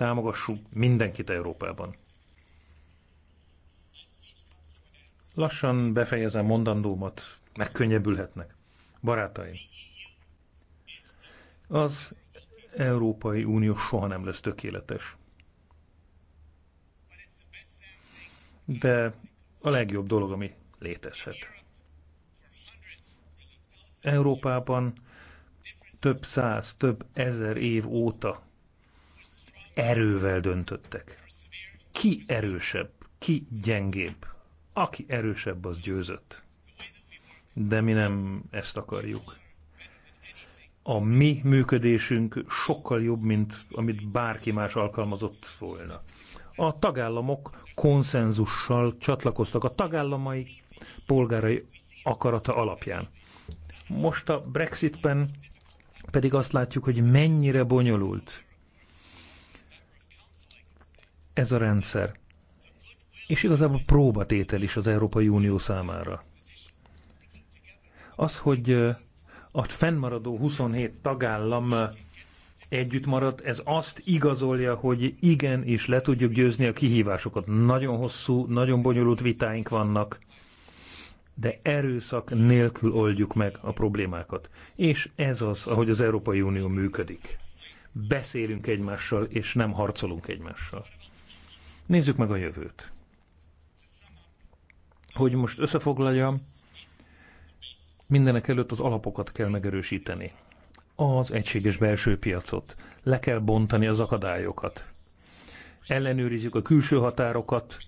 támogassuk mindenkit Európában. Lassan befejezem mondandómat, megkönnyebbülhetnek. Barátaim, az Európai Unió soha nem lesz tökéletes. De a legjobb dolog, ami létezhet. Európában több száz, több ezer év óta erővel döntöttek. Ki erősebb, ki gyengébb. Aki erősebb, az győzött. De mi nem ezt akarjuk. A mi működésünk sokkal jobb, mint amit bárki más alkalmazott volna. A tagállamok konszenzussal csatlakoztak a tagállamai polgárai akarata alapján. Most a Brexitben pedig azt látjuk, hogy mennyire bonyolult ez a rendszer. És igazából próbatétel is az Európai Unió számára. Az, hogy a fennmaradó 27 tagállam együtt marad, ez azt igazolja, hogy igen, és le tudjuk győzni a kihívásokat. Nagyon hosszú, nagyon bonyolult vitáink vannak, de erőszak nélkül oldjuk meg a problémákat. És ez az, ahogy az Európai Unió működik. Beszélünk egymással, és nem harcolunk egymással. Nézzük meg a jövőt. Hogy most összefoglaljam, mindenek előtt az alapokat kell megerősíteni. Az egységes belső piacot. Le kell bontani az akadályokat. Ellenőrizzük a külső határokat,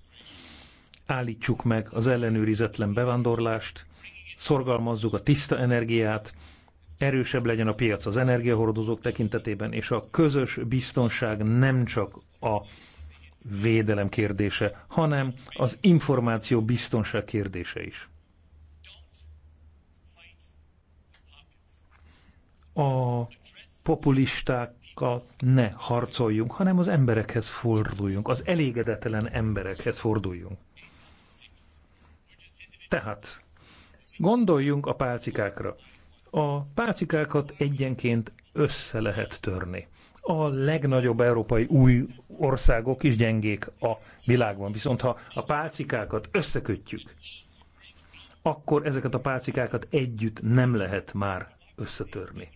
állítsuk meg az ellenőrizetlen bevándorlást, szorgalmazzuk a tiszta energiát, erősebb legyen a piac az energiahordozók tekintetében, és a közös biztonság nem csak a védelem kérdése, hanem az információ biztonság kérdése is. A populistákkal ne harcoljunk, hanem az emberekhez forduljunk, az elégedetlen emberekhez forduljunk. Tehát gondoljunk a pálcikákra. A pálcikákat egyenként össze lehet törni a legnagyobb európai új országok is gyengék a világban. Viszont ha a pálcikákat összekötjük, akkor ezeket a pálcikákat együtt nem lehet már összetörni.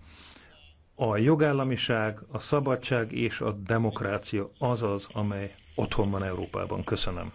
A jogállamiság, a szabadság és a demokrácia az az, amely otthon van Európában. Köszönöm.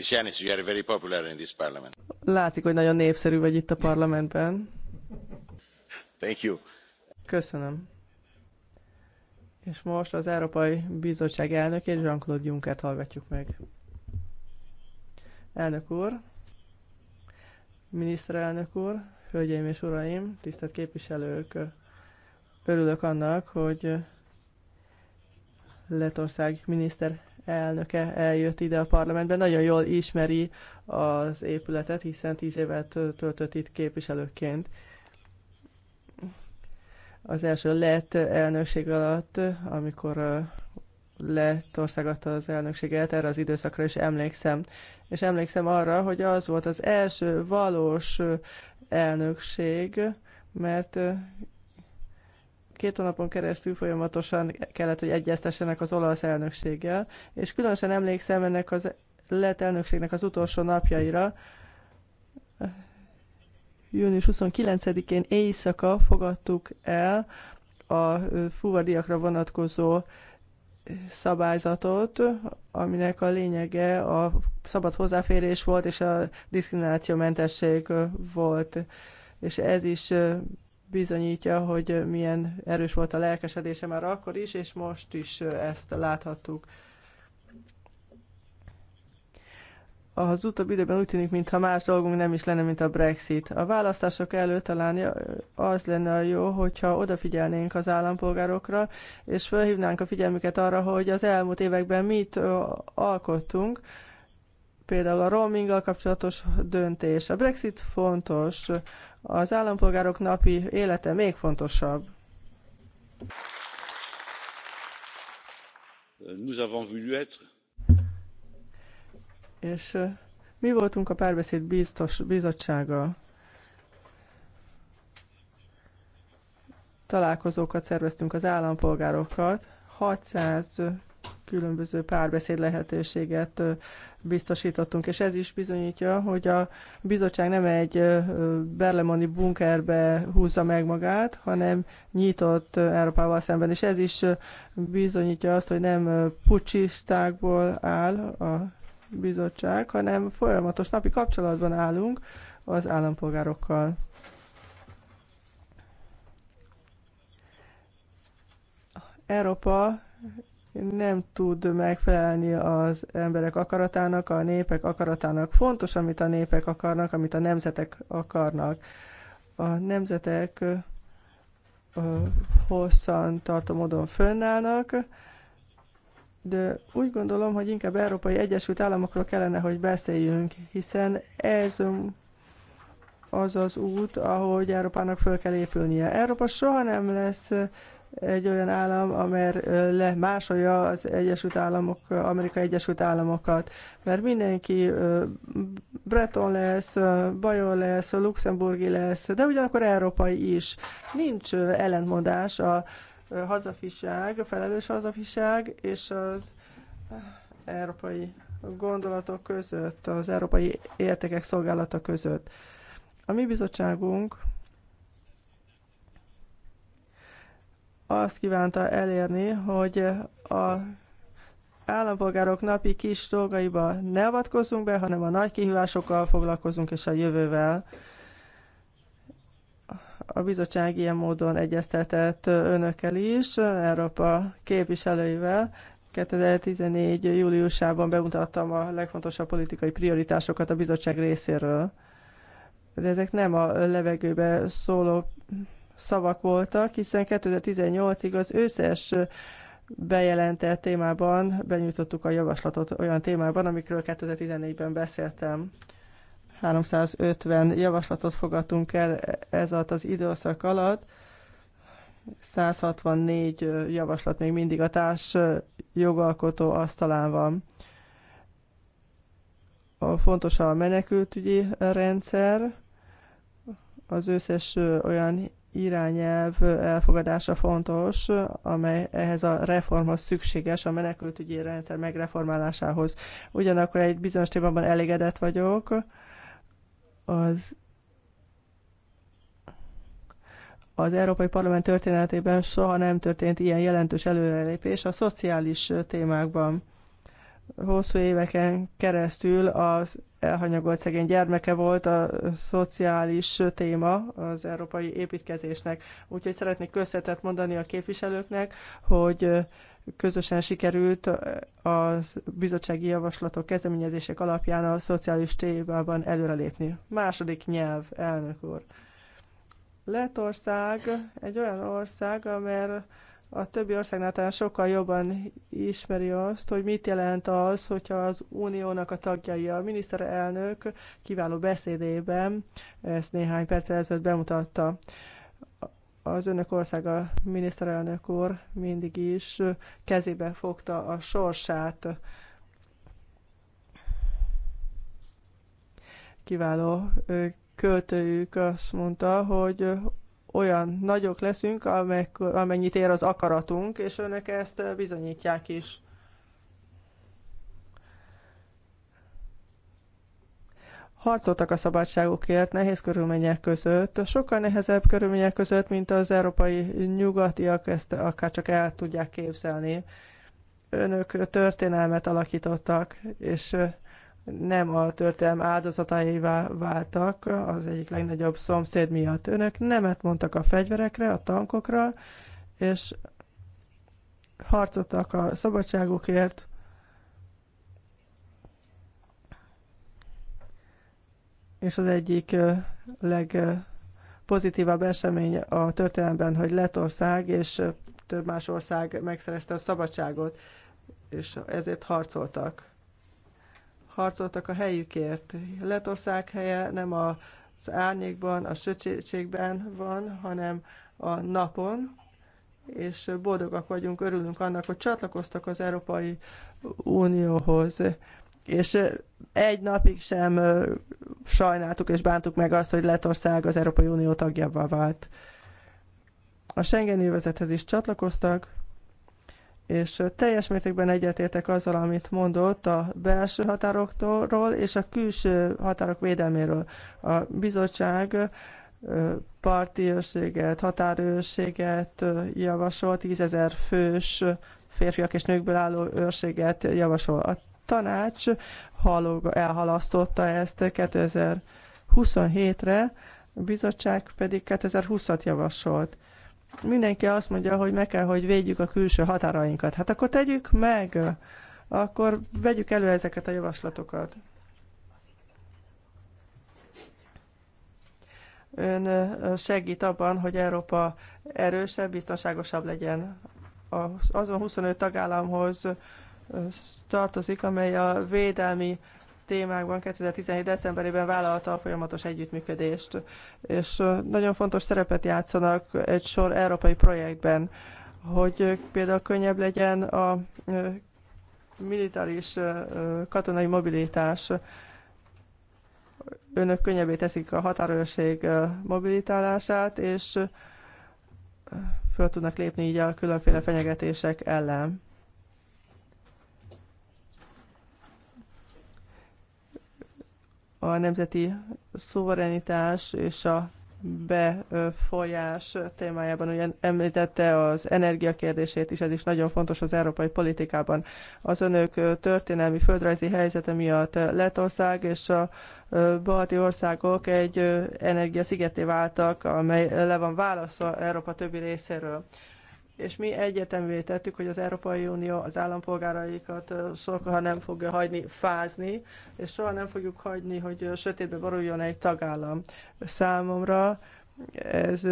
Christianis, you are very popular in this parliament. Látszik, hogy nagyon népszerű vagy itt a parlamentben. Thank you. Köszönöm. És most az Európai Bizottság elnökét, Jean-Claude Junckert hallgatjuk meg. Elnök úr, miniszterelnök úr, hölgyeim és uraim, tisztelt képviselők, örülök annak, hogy Letország miniszter elnöke eljött ide a parlamentbe. Nagyon jól ismeri az épületet, hiszen tíz évet töltött itt képviselőként. Az első lett elnökség alatt, amikor lett országadta az elnökséget, erre az időszakra is emlékszem. És emlékszem arra, hogy az volt az első valós elnökség, mert két hónapon keresztül folyamatosan kellett, hogy egyeztessenek az olasz elnökséggel, és különösen emlékszem ennek az lett elnökségnek az utolsó napjaira, június 29-én éjszaka fogadtuk el a fuvadiakra vonatkozó szabályzatot, aminek a lényege a szabad hozzáférés volt, és a diszkriminációmentesség volt, és ez is bizonyítja, hogy milyen erős volt a lelkesedése már akkor is, és most is ezt láthattuk. Az utóbbi időben úgy tűnik, mintha más dolgunk nem is lenne, mint a Brexit. A választások előtt talán az lenne a jó, hogyha odafigyelnénk az állampolgárokra, és felhívnánk a figyelmüket arra, hogy az elmúlt években mit alkottunk, például a roaminggal kapcsolatos döntés. A Brexit fontos, az állampolgárok napi élete még fontosabb. Nous avons voulu être. És mi voltunk a párbeszéd biztos bizottsága. Találkozókat szerveztünk az állampolgárokat, 600 különböző párbeszéd lehetőséget biztosítottunk, és ez is bizonyítja, hogy a bizottság nem egy berlemoni bunkerbe húzza meg magát, hanem nyitott Európával szemben, és ez is bizonyítja azt, hogy nem pucsistákból áll a bizottság, hanem folyamatos napi kapcsolatban állunk az állampolgárokkal. Európa nem tud megfelelni az emberek akaratának, a népek akaratának. Fontos, amit a népek akarnak, amit a nemzetek akarnak. A nemzetek hosszan tartó módon fönnállnak, de úgy gondolom, hogy inkább Európai Egyesült Államokról kellene, hogy beszéljünk, hiszen ez az az út, ahogy Európának föl kell épülnie. Európa soha nem lesz egy olyan állam, amely lemásolja az Egyesült Államok, Amerika Egyesült Államokat. Mert mindenki Breton lesz, Bajor lesz, Luxemburgi lesz, de ugyanakkor európai is. Nincs ellentmondás a hazafiság, a felelős hazafiság és az európai gondolatok között, az európai értékek szolgálata között. A mi bizottságunk azt kívánta elérni, hogy a állampolgárok napi kis dolgaiba ne avatkozzunk be, hanem a nagy kihívásokkal foglalkozunk és a jövővel. A bizottság ilyen módon egyeztetett önökkel is, Európa képviselőivel. 2014. júliusában bemutattam a legfontosabb politikai prioritásokat a bizottság részéről. De ezek nem a levegőbe szóló szavak voltak, hiszen 2018-ig az összes bejelentett témában benyújtottuk a javaslatot olyan témában, amikről 2014-ben beszéltem. 350 javaslatot fogadtunk el e-, ez alatt az időszak alatt. 164 javaslat még mindig a társ jogalkotó asztalán van. A fontos a menekültügyi rendszer, az összes olyan irányelv elfogadása fontos, amely ehhez a reformhoz szükséges, a menekültügyi rendszer megreformálásához. Ugyanakkor egy bizonyos témában elégedett vagyok, az az Európai Parlament történetében soha nem történt ilyen jelentős előrelépés a szociális témákban. Hosszú éveken keresztül az elhanyagolt szegény gyermeke volt a szociális téma az európai építkezésnek. Úgyhogy szeretnék köszönetet mondani a képviselőknek, hogy közösen sikerült a bizottsági javaslatok kezdeményezések alapján a szociális témában előrelépni. Második nyelv, elnök úr. Lettország egy olyan ország, amely a többi országnál talán sokkal jobban ismeri azt, hogy mit jelent az, hogyha az uniónak a tagjai a miniszterelnök kiváló beszédében, ezt néhány perc ezelőtt bemutatta, az önök országa miniszterelnök úr mindig is kezébe fogta a sorsát. Kiváló költőjük azt mondta, hogy olyan nagyok leszünk, amennyit ér az akaratunk, és önök ezt bizonyítják is. harcoltak a szabadságukért nehéz körülmények között, sokkal nehezebb körülmények között, mint az európai nyugatiak ezt akár csak el tudják képzelni. Önök történelmet alakítottak, és nem a történelem áldozataivá váltak az egyik legnagyobb szomszéd miatt. Önök nemet mondtak a fegyverekre, a tankokra, és harcoltak a szabadságukért, és az egyik legpozitívabb esemény a történelemben, hogy Letország és több más ország megszerezte a szabadságot, és ezért harcoltak harcoltak a helyükért. Letország helye nem az árnyékban, a sötétségben van, hanem a napon, és boldogak vagyunk, örülünk annak, hogy csatlakoztak az Európai Unióhoz. És egy napig sem sajnáltuk és bántuk meg azt, hogy Letország az Európai Unió tagjává vált. A Schengen is csatlakoztak, és teljes mértékben egyetértek azzal, amit mondott a belső határoktól és a külső határok védelméről. A bizottság parti őrséget, határőrséget javasolt, tízezer fős férfiak és nőkből álló őrséget javasol. A tanács elhalasztotta ezt 2027-re, a bizottság pedig 2020-at javasolt mindenki azt mondja, hogy meg kell, hogy védjük a külső határainkat. Hát akkor tegyük meg, akkor vegyük elő ezeket a javaslatokat. Ön segít abban, hogy Európa erősebb, biztonságosabb legyen. Azon 25 tagállamhoz tartozik, amely a védelmi témákban 2017. decemberében vállalta a folyamatos együttműködést, és nagyon fontos szerepet játszanak egy sor európai projektben, hogy például könnyebb legyen a militáris katonai mobilitás, önök könnyebbé teszik a határőrség mobilitálását, és föl tudnak lépni így a különféle fenyegetések ellen. a nemzeti szuverenitás és a befolyás témájában, ugye említette az energiakérdését is, ez is nagyon fontos az európai politikában. Az önök történelmi földrajzi helyzete miatt Lettország és a balti országok egy energiaszigeté váltak, amely le van válaszol Európa többi részéről és mi egyértelművé tettük, hogy az Európai Unió az állampolgáraikat soha nem fogja hagyni fázni, és soha nem fogjuk hagyni, hogy sötétbe boruljon egy tagállam. Számomra ez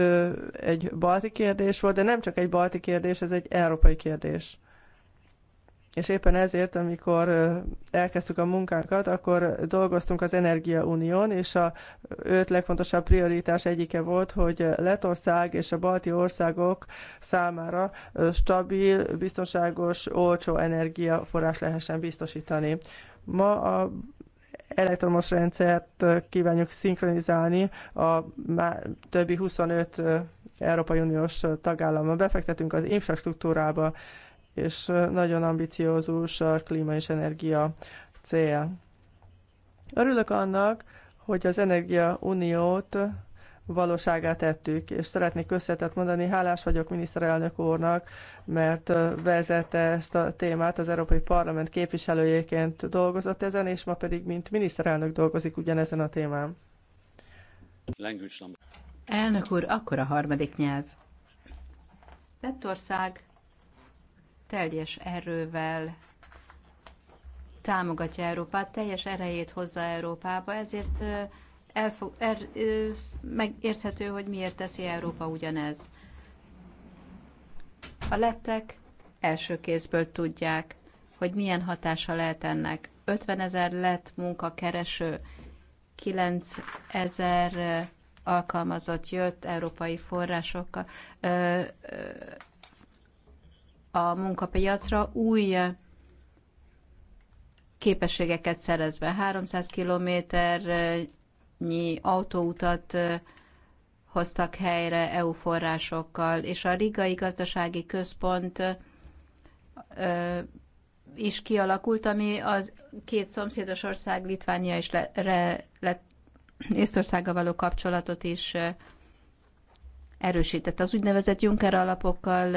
egy balti kérdés volt, de nem csak egy balti kérdés, ez egy európai kérdés. És éppen ezért, amikor elkezdtük a munkánkat, akkor dolgoztunk az Unión, és a öt legfontosabb prioritás egyike volt, hogy Letország és a balti országok számára stabil, biztonságos, olcsó energiaforrás lehessen biztosítani. Ma a elektromos rendszert kívánjuk szinkronizálni a többi 25 Európai Uniós tagállama. Befektetünk az infrastruktúrába, és nagyon ambiciózus a klíma és energia cél. Örülök annak, hogy az Energia Uniót valóságát tettük, és szeretnék összetett mondani, hálás vagyok miniszterelnök úrnak, mert vezette ezt a témát, az Európai Parlament képviselőjéként dolgozott ezen, és ma pedig, mint miniszterelnök dolgozik ugyanezen a témán. Elnök úr, akkor a harmadik nyelv. Lettország, teljes erővel támogatja Európát, teljes erejét hozza Európába, ezért elfog, er, megérthető, hogy miért teszi Európa ugyanez. A lettek első kézből tudják, hogy milyen hatása lehet ennek. 50 ezer lett munkakereső, 9 ezer alkalmazott jött európai forrásokkal, a munkapiacra új képességeket szerezve. 300 kilométernyi autóutat hoztak helyre EU forrásokkal, és a Rigai Gazdasági Központ is kialakult, ami az két szomszédos ország, Litvánia és le, re, le, Észtországgal való kapcsolatot is erősített. Az úgynevezett Juncker alapokkal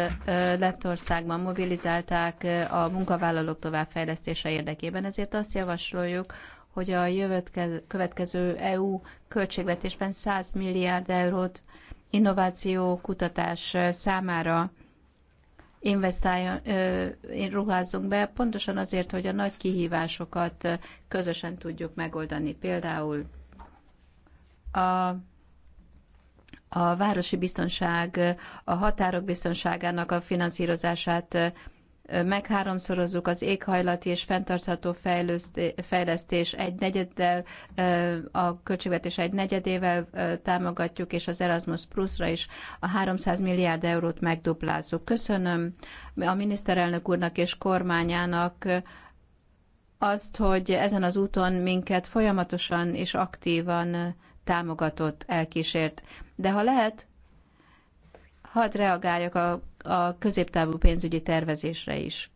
Lettországban mobilizálták a munkavállalók továbbfejlesztése érdekében, ezért azt javasoljuk, hogy a jövőt következő EU költségvetésben 100 milliárd eurót innováció, kutatás számára investáljon, ruházzunk be, pontosan azért, hogy a nagy kihívásokat közösen tudjuk megoldani. Például a a városi biztonság, a határok biztonságának a finanszírozását megháromszorozzuk az éghajlati és fenntartható fejlesztés egy negyeddel, a költségvetés egy negyedével támogatjuk, és az Erasmus Plus-ra is a 300 milliárd eurót megduplázzuk. Köszönöm a miniszterelnök úrnak és kormányának azt, hogy ezen az úton minket folyamatosan és aktívan támogatott, elkísért. De ha lehet, hadd reagáljak a, a középtávú pénzügyi tervezésre is.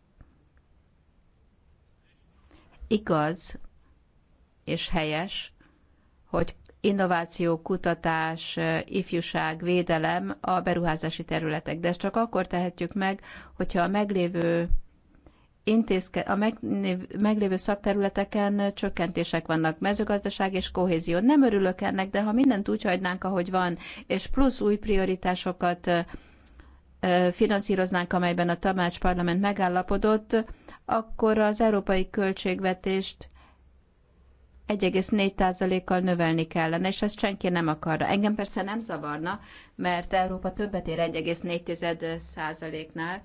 Igaz és helyes, hogy innováció, kutatás, ifjúság, védelem a beruházási területek. De ezt csak akkor tehetjük meg, hogyha a meglévő intézke, a meg, meglévő szakterületeken csökkentések vannak, mezőgazdaság és kohézió. Nem örülök ennek, de ha mindent úgy hagynánk, ahogy van, és plusz új prioritásokat finanszíroznánk, amelyben a Tamács parlament megállapodott, akkor az európai költségvetést 1,4%-kal növelni kellene, és ezt senki nem akarna. Engem persze nem zavarna, mert Európa többet ér 1,4%-nál,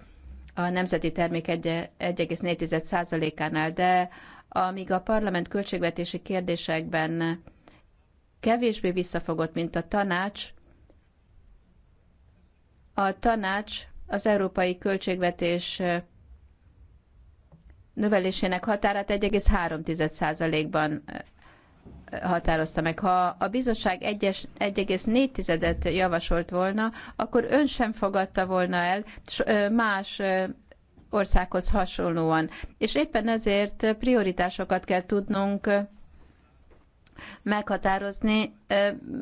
a nemzeti termék 1,4%-ánál, de amíg a parlament költségvetési kérdésekben kevésbé visszafogott, mint a tanács, a tanács az európai költségvetés növelésének határát 1,3%-ban határozta meg. Ha a bizottság 1,4-et javasolt volna, akkor ön sem fogadta volna el más országhoz hasonlóan. És éppen ezért prioritásokat kell tudnunk meghatározni,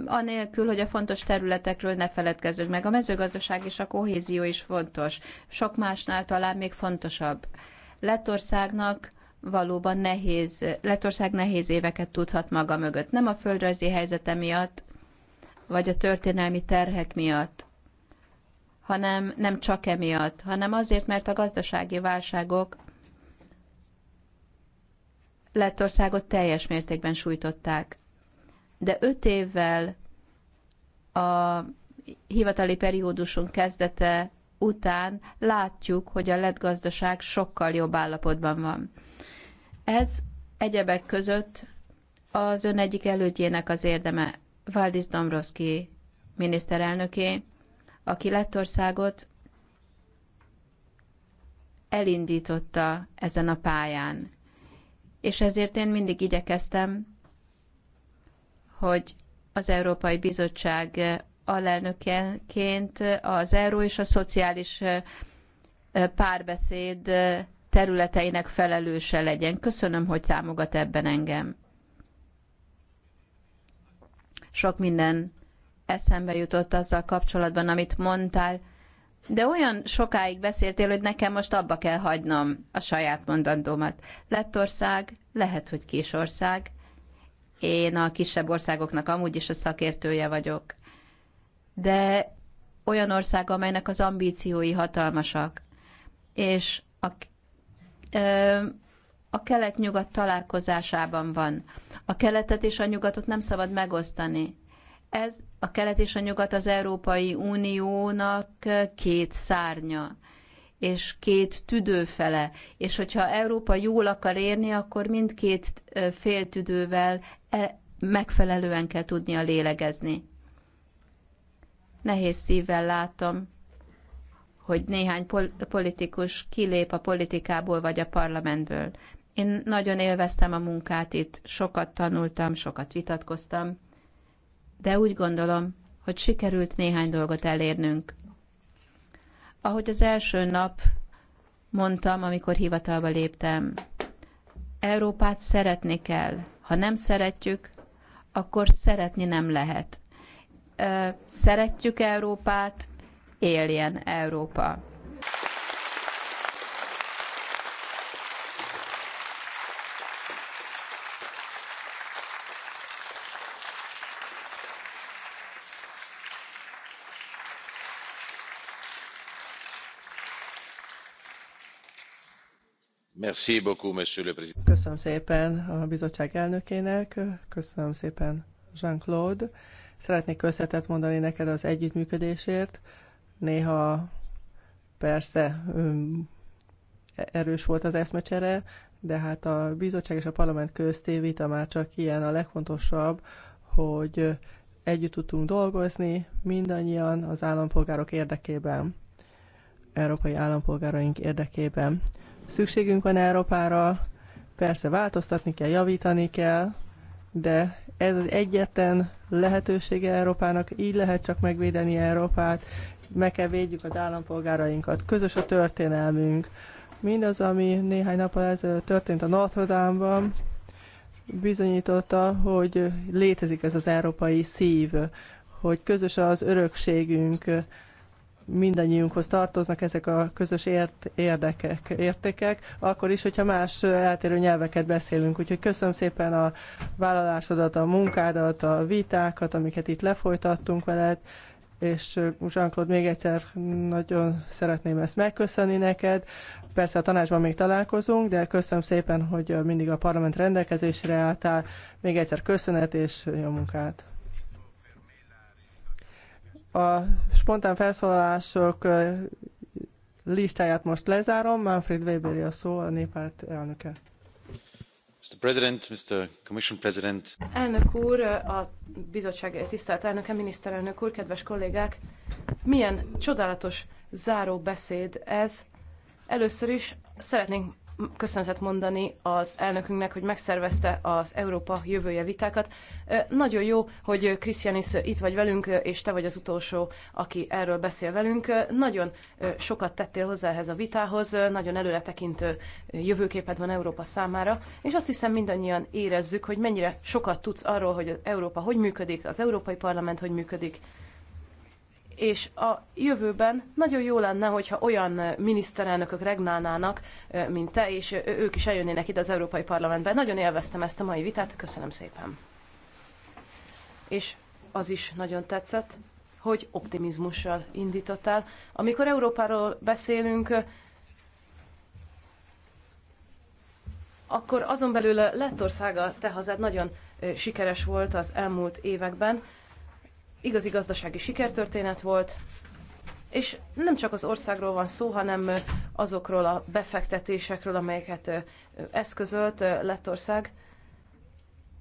anélkül, hogy a fontos területekről ne feledkezzünk meg. A mezőgazdaság és a kohézió is fontos. Sok másnál talán még fontosabb. Lettországnak valóban nehéz, Letország nehéz éveket tudhat maga mögött. Nem a földrajzi helyzete miatt, vagy a történelmi terhek miatt, hanem nem csak emiatt, hanem azért, mert a gazdasági válságok Lettországot teljes mértékben sújtották. De öt évvel a hivatali periódusunk kezdete után látjuk, hogy a lett gazdaság sokkal jobb állapotban van. Ez egyebek között az ön egyik elődjének az érdeme, Valdis Dombrovski miniszterelnöké, aki Lettországot elindította ezen a pályán. És ezért én mindig igyekeztem, hogy az Európai Bizottság alelnökeként az euró és a szociális párbeszéd területeinek felelőse legyen. Köszönöm, hogy támogat ebben engem. Sok minden eszembe jutott azzal kapcsolatban, amit mondtál, de olyan sokáig beszéltél, hogy nekem most abba kell hagynom a saját mondandómat. Lettország, lehet, hogy kisország. Én a kisebb országoknak amúgy is a szakértője vagyok de olyan ország, amelynek az ambíciói hatalmasak. És a, a kelet-nyugat találkozásában van. A keletet és a nyugatot nem szabad megosztani. Ez a kelet és a nyugat az Európai Uniónak két szárnya és két tüdőfele, és hogyha Európa jól akar érni, akkor mindkét féltüdővel e, megfelelően kell tudnia lélegezni. Nehéz szívvel látom, hogy néhány politikus kilép a politikából vagy a parlamentből. Én nagyon élveztem a munkát itt, sokat tanultam, sokat vitatkoztam, de úgy gondolom, hogy sikerült néhány dolgot elérnünk. Ahogy az első nap mondtam, amikor hivatalba léptem, Európát szeretni kell. Ha nem szeretjük, akkor szeretni nem lehet szeretjük Európát, éljen Európa! Köszönöm szépen a bizottság elnökének, köszönöm szépen Jean-Claude. Szeretnék köszönetet mondani neked az együttműködésért. Néha persze erős volt az eszmecsere, de hát a bizottság és a parlament közti vita már csak ilyen a legfontosabb, hogy együtt tudtunk dolgozni, mindannyian az állampolgárok érdekében, európai állampolgáraink érdekében. Szükségünk van Európára, persze változtatni kell, javítani kell, de ez az egyetlen lehetősége Európának, így lehet csak megvédeni Európát, meg kell védjük az állampolgárainkat. Közös a történelmünk. Mindaz, ami néhány nappal ezelőtt történt a Notre Dame-ban, bizonyította, hogy létezik ez az európai szív, hogy közös az örökségünk, mindannyiunkhoz tartoznak ezek a közös ért, érdekek, értékek, akkor is, hogyha más eltérő nyelveket beszélünk. Úgyhogy köszönöm szépen a vállalásodat, a munkádat, a vitákat, amiket itt lefolytattunk veled, és Jean-Claude, még egyszer nagyon szeretném ezt megköszönni neked. Persze a tanácsban még találkozunk, de köszönöm szépen, hogy mindig a parlament rendelkezésre álltál. Még egyszer köszönet és jó munkát! A spontán felszólalások listáját most lezárom. Manfred Weber a szó, a néppárt elnöke. Mr. President, Mr. Commission President. Elnök úr, a bizottság tisztelt elnöke, miniszterelnök úr, kedves kollégák! Milyen csodálatos záró beszéd ez. Először is szeretnénk köszönetet mondani az elnökünknek, hogy megszervezte az Európa jövője vitákat. Nagyon jó, hogy Krisztianis itt vagy velünk, és te vagy az utolsó, aki erről beszél velünk. Nagyon sokat tettél hozzá ehhez a vitához, nagyon előretekintő jövőképed van Európa számára, és azt hiszem mindannyian érezzük, hogy mennyire sokat tudsz arról, hogy Európa hogy működik, az Európai Parlament hogy működik, és a jövőben nagyon jó lenne, hogyha olyan miniszterelnökök regnálnának, mint te, és ők is eljönnének ide az Európai Parlamentbe. Nagyon élveztem ezt a mai vitát, köszönöm szépen. És az is nagyon tetszett, hogy optimizmussal indítottál. Amikor Európáról beszélünk, akkor azon belül Lettország, a te hazád nagyon sikeres volt az elmúlt években, igazi gazdasági sikertörténet volt, és nem csak az országról van szó, hanem azokról a befektetésekről, amelyeket eszközölt Lettország,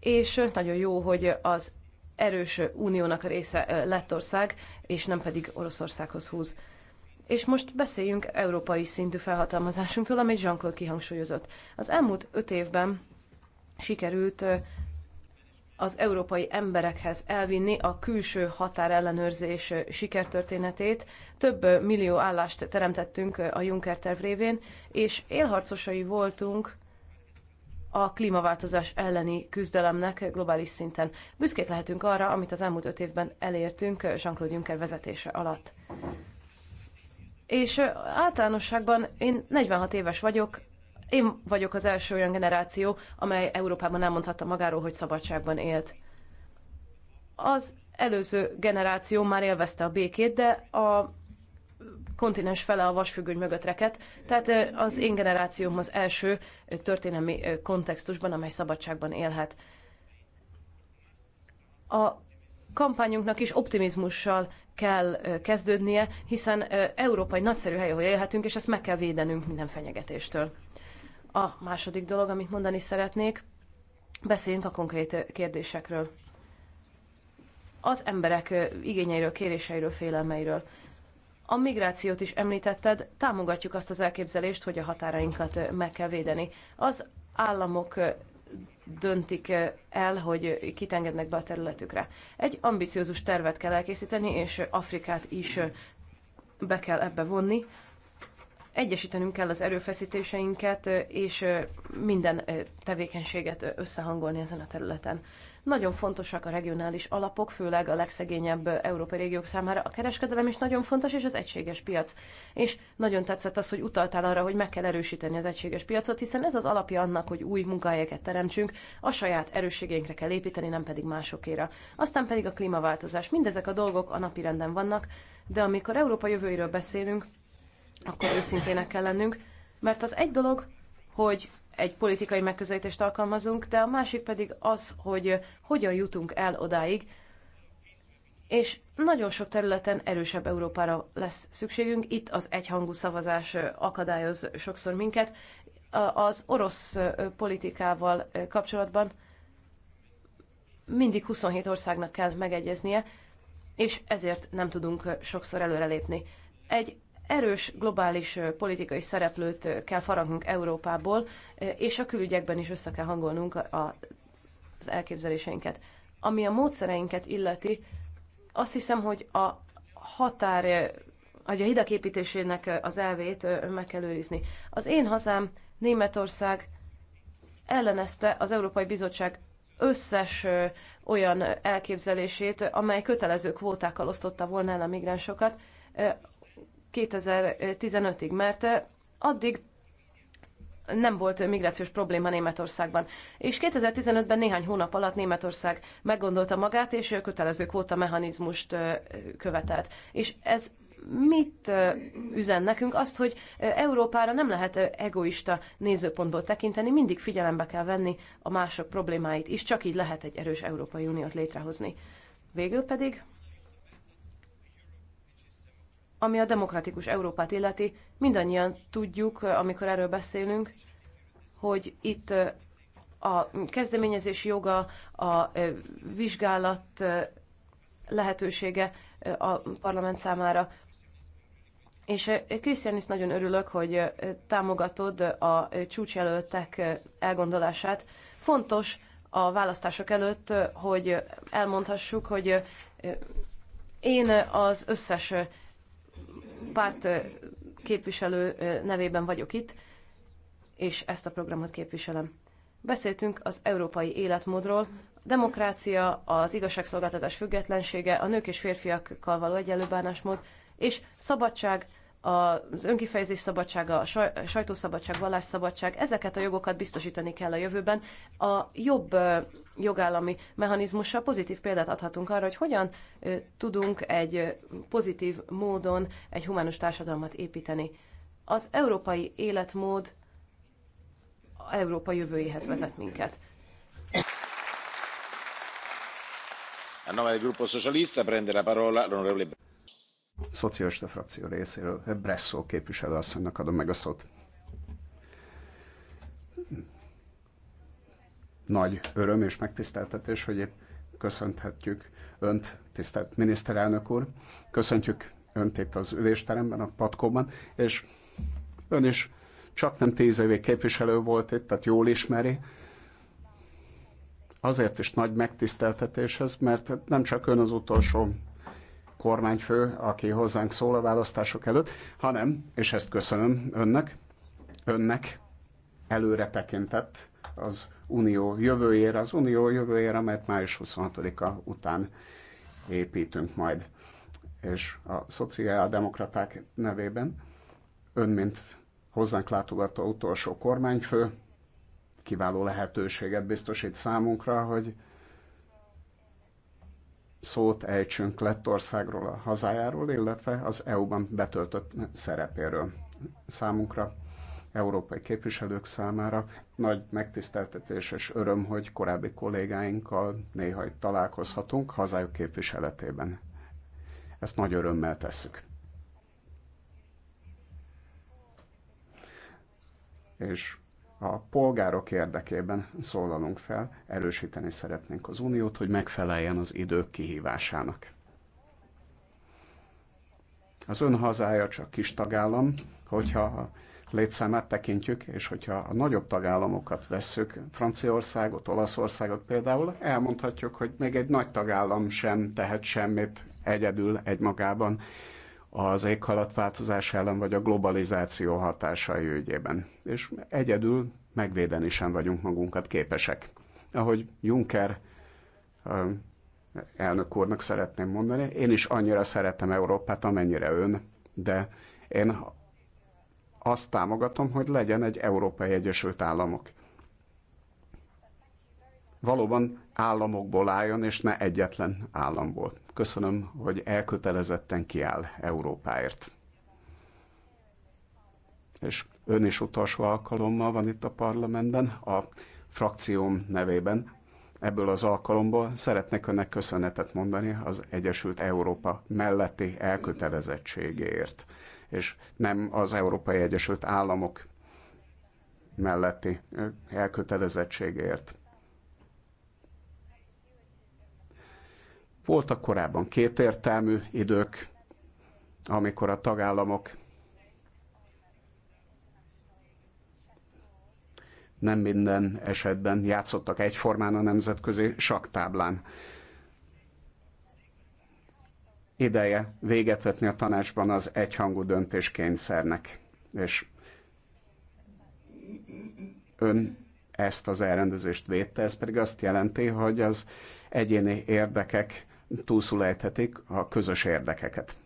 és nagyon jó, hogy az erős uniónak a része Lettország, és nem pedig Oroszországhoz húz. És most beszéljünk európai szintű felhatalmazásunktól, amit Jean-Claude kihangsúlyozott. Az elmúlt öt évben sikerült az európai emberekhez elvinni a külső határellenőrzés sikertörténetét. Több millió állást teremtettünk a Juncker terv révén, és élharcosai voltunk a klímaváltozás elleni küzdelemnek globális szinten. Büszkék lehetünk arra, amit az elmúlt öt évben elértünk Jean-Claude Juncker vezetése alatt. És általánosságban én 46 éves vagyok, én vagyok az első olyan generáció, amely Európában nem mondhatta magáról, hogy szabadságban élt. Az előző generáció már élvezte a békét, de a kontinens fele a vasfüggöny mögött reket, tehát az én generációm az első történelmi kontextusban, amely szabadságban élhet. A kampányunknak is optimizmussal kell kezdődnie, hiszen Európa egy nagyszerű hely, ahol élhetünk, és ezt meg kell védenünk minden fenyegetéstől a második dolog, amit mondani szeretnék. Beszéljünk a konkrét kérdésekről. Az emberek igényeiről, kéréseiről, félelmeiről. A migrációt is említetted, támogatjuk azt az elképzelést, hogy a határainkat meg kell védeni. Az államok döntik el, hogy kit engednek be a területükre. Egy ambiciózus tervet kell elkészíteni, és Afrikát is be kell ebbe vonni, egyesítenünk kell az erőfeszítéseinket, és minden tevékenységet összehangolni ezen a területen. Nagyon fontosak a regionális alapok, főleg a legszegényebb európai régiók számára. A kereskedelem is nagyon fontos, és az egységes piac. És nagyon tetszett az, hogy utaltál arra, hogy meg kell erősíteni az egységes piacot, hiszen ez az alapja annak, hogy új munkahelyeket teremtsünk, a saját erősségeinkre kell építeni, nem pedig másokéra. Aztán pedig a klímaváltozás. Mindezek a dolgok a napirenden vannak, de amikor Európa jövőiről beszélünk, akkor őszintének kell lennünk, mert az egy dolog, hogy egy politikai megközelítést alkalmazunk, de a másik pedig az, hogy hogyan jutunk el odáig, és nagyon sok területen erősebb Európára lesz szükségünk. Itt az egyhangú szavazás akadályoz sokszor minket. Az orosz politikával kapcsolatban mindig 27 országnak kell megegyeznie, és ezért nem tudunk sokszor előrelépni. Egy erős globális politikai szereplőt kell faragnunk Európából, és a külügyekben is össze kell hangolnunk az elképzeléseinket. Ami a módszereinket illeti, azt hiszem, hogy a határ, vagy a hidak építésének az elvét meg kell őrizni. Az én hazám, Németország ellenezte az Európai Bizottság összes olyan elképzelését, amely kötelező kvótákkal osztotta volna el a migránsokat, 2015-ig, mert addig nem volt migrációs probléma Németországban. És 2015-ben néhány hónap alatt Németország meggondolta magát, és kötelező kvóta mechanizmust követelt. És ez mit üzen nekünk? Azt, hogy Európára nem lehet egoista nézőpontból tekinteni, mindig figyelembe kell venni a mások problémáit is, csak így lehet egy erős Európai Uniót létrehozni. Végül pedig ami a demokratikus Európát illeti, mindannyian tudjuk, amikor erről beszélünk, hogy itt a kezdeményezési joga, a vizsgálat lehetősége a parlament számára. És Krisztián is nagyon örülök, hogy támogatod a csúcsjelöltek elgondolását. Fontos a választások előtt, hogy elmondhassuk, hogy én az összes párt képviselő nevében vagyok itt, és ezt a programot képviselem. Beszéltünk az európai életmódról, demokrácia, az igazságszolgáltatás függetlensége, a nők és férfiakkal való egyenlő bánásmód, és szabadság, az önkifejezés szabadsága, a sajtószabadság, vallásszabadság, ezeket a jogokat biztosítani kell a jövőben. A jobb jogállami mechanizmussal pozitív példát adhatunk arra, hogy hogyan tudunk egy pozitív módon egy humánus társadalmat építeni. Az európai életmód Európa jövőjéhez vezet minket. A nome del gruppo socialista prende la parola l'onorevole Szocialista frakció részéről Bresszó képviselő asszonynak adom meg a szót. Nagy öröm és megtiszteltetés, hogy itt köszönthetjük Önt, tisztelt miniszterelnök úr. Köszöntjük Önt itt az ülésteremben, a Patkóban, és Ön is csak nem tíz évig képviselő volt itt, tehát jól ismeri. Azért is nagy megtiszteltetés ez, mert nem csak Ön az utolsó kormányfő, aki hozzánk szól a választások előtt, hanem, és ezt köszönöm önnek, önnek előre tekintett az unió jövőjére, az unió jövőjére, amelyet május 26-a után építünk majd. És a szociáldemokraták nevében ön, mint hozzánk látogató utolsó kormányfő, kiváló lehetőséget biztosít számunkra, hogy szót ejtsünk Lettországról, a hazájáról, illetve az EU-ban betöltött szerepéről. Számunkra, európai képviselők számára nagy megtiszteltetés és öröm, hogy korábbi kollégáinkkal néha itt találkozhatunk hazájuk képviseletében. Ezt nagy örömmel tesszük. És a polgárok érdekében szólalunk fel, erősíteni szeretnénk az uniót, hogy megfeleljen az idők kihívásának. Az ön hazája csak kis tagállam, hogyha a létszámát tekintjük, és hogyha a nagyobb tagállamokat vesszük, Franciaországot, Olaszországot például, elmondhatjuk, hogy még egy nagy tagállam sem tehet semmit egyedül, egymagában az éghajlatváltozás ellen vagy a globalizáció hatásai ügyében. És egyedül megvédeni sem vagyunk magunkat képesek. Ahogy Juncker elnök úrnak szeretném mondani, én is annyira szeretem Európát, amennyire ön, de én azt támogatom, hogy legyen egy Európai Egyesült Államok. Valóban államokból álljon, és ne egyetlen államból. Köszönöm, hogy elkötelezetten kiáll Európáért. És ön is utolsó alkalommal van itt a parlamentben, a frakcióm nevében. Ebből az alkalomból szeretnék önnek köszönetet mondani az Egyesült Európa melletti elkötelezettségéért, és nem az Európai Egyesült Államok melletti elkötelezettségért Voltak korábban kétértelmű idők, amikor a tagállamok nem minden esetben játszottak egyformán a nemzetközi saktáblán. Ideje véget vetni a tanácsban az egyhangú kényszernek, és ön ezt az elrendezést védte, ez pedig azt jelenti, hogy az egyéni érdekek ejthetik a közös érdekeket.